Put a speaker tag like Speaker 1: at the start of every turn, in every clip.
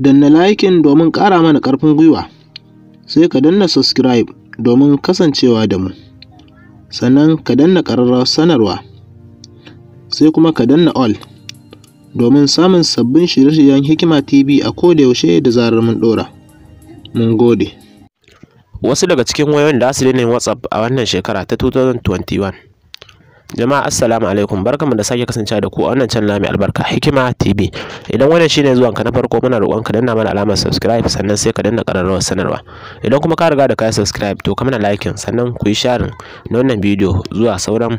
Speaker 1: Danna liking domin ƙara mana ƙarfin gwiwa, sai ka danna subscribe domin kasancewa da mu, sannan ka danna ƙararrawar sanarwa, sai kuma ka danna all domin samun sabbin shirye-shiryen Hikima TV a ko da yaushe da zarar mun ɗora. Mun gode. Wasu daga cikin wayoyin da asali ne WhatsApp a wannan shekara ta 2021. Jama'a assalamu alaikum barkamu da sake kasancewa da ku a wannan channel mai albarka Hikima TV. Idan wannan shine zuwa ka na farko muna roƙon ka danna mana alamar subscribe sannan sai ka danna ƙararrawar sanarwa. Idan kuma ka riga da ka subscribe to ka mana liking sannan ku yi share na wannan bidiyo zuwa sauran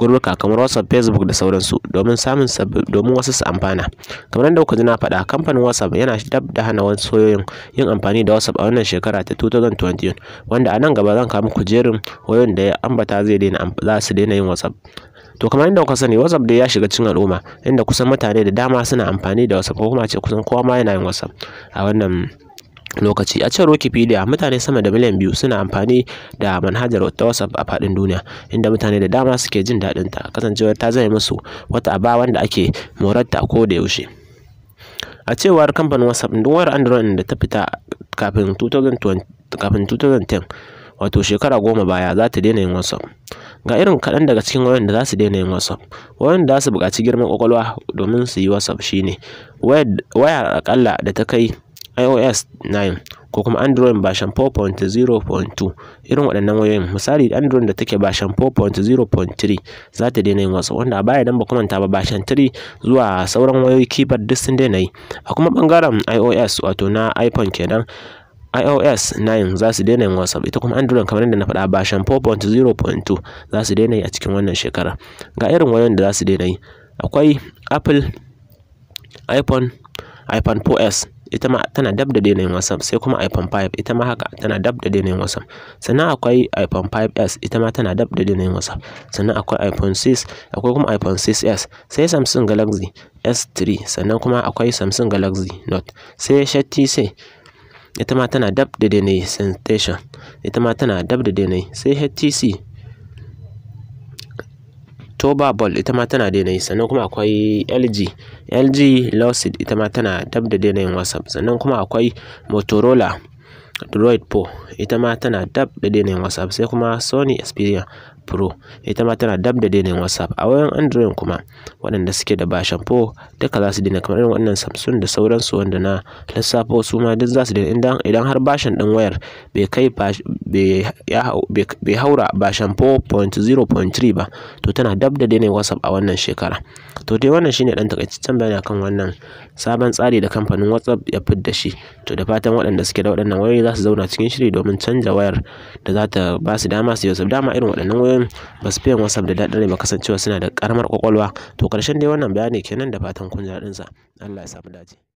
Speaker 1: gurruka kamar WhatsApp, Facebook da sauransu domin samun domin wasu su amfana. Kamar yadda kuka ji na faɗa kamfanin WhatsApp yana dab da hana wasu soyoyin yin amfani da WhatsApp a wannan shekara ta 2021 wanda a nan gaba zan kawo muku jerin wayoyin da ya ambata zai daina za su daina yin WhatsApp. to kamar inda kuka sani whatsapp dai ya shiga cikin al'umma inda kusan mutane da dama suna amfani da whatsapp ko kuma ce kusan kowa ma yana yin whatsapp a wannan lokaci a cewar wikipedia mutane sama da miliyan biyu suna amfani da manhajar ta whatsapp a faɗin duniya inda mutane da dama suke jin daɗin ta kasancewar ta zame musu wata aba wanda ake morarta ko da yaushe a cewar kamfanin whatsapp din wayar android da ta fita kafin 2010 wato shekara goma baya za ta daina yin whatsapp Ga irin kaɗan daga cikin wayoyin da za su daina yin WhatsApp. Wayoyin da za su buƙaci girman ƙwaƙwalwa domin su yi WhatsApp shi ne waya aƙalla da ta kai iOS 9 ko kuma Android bashan 4.0.2. Irin waɗannan wayoyin misali Android da take bashan 4.0.3 za ta daina yin WhatsApp wanda a baya idan ba ku manta ba version 3 zuwa sauran wayoyi keyboard duk sun daina yi. A kuma ɓangaren iOS wato na iPhone kenan iOS 9 za su daina yin WhatsApp ita kuma Android kamar yadda na faɗa shan 4.0.2 za su daina yi a cikin wannan shekara ga irin wayoyin da za su daina yi akwai Apple iPhone iPhone 4S ita ma tana dab da daina yin WhatsApp sai kuma iPhone 5 ita ma haka tana dab da daina yin WhatsApp sannan akwai iPhone 5S ita ma tana dab da daina yin WhatsApp sannan akwai iPhone 6 akwai kuma iPhone 6S sai Samsung Galaxy S3 sannan kuma akwai Samsung Galaxy Note sai HTC ita ma tana dab da DNA sensation ita ma tana dab da DNA sai HTC Toba Ball ita ma tana daina yi sannan kuma akwai LG LG Lucid ita ma tana dab da daina WhatsApp sannan kuma akwai Motorola Droid Pro ita ma tana dab da daina WhatsApp sai kuma Sony Xperia Pro ita ma tana dab da dainin WhatsApp a wayoyin Android kuma waɗanda suke da bashan Pro duka za su daina kamar irin wannan Samsung da sauransu wanda na lissafo su ma duk za su daina idan har bashan ɗin wayar bai kai bai haura point three ba to tana dab da dainin WhatsApp a wannan shekara to dai wannan shine dan takaitaccen bayani akan wannan sabon tsari da kamfanin WhatsApp ya da shi to da fatan waɗanda suke da waɗannan wayoyi za su zauna cikin shiri domin canja wayar da za ta ba su dama su yi dama irin waɗannan wayoyi tambayoyin ba su fiye wasa da daɗin rai ba kasancewa suna da ƙaramar ƙwaƙwalwa to ƙarshen dai wannan bayani kenan da fatan kun ji daɗinsa allah ya samu dace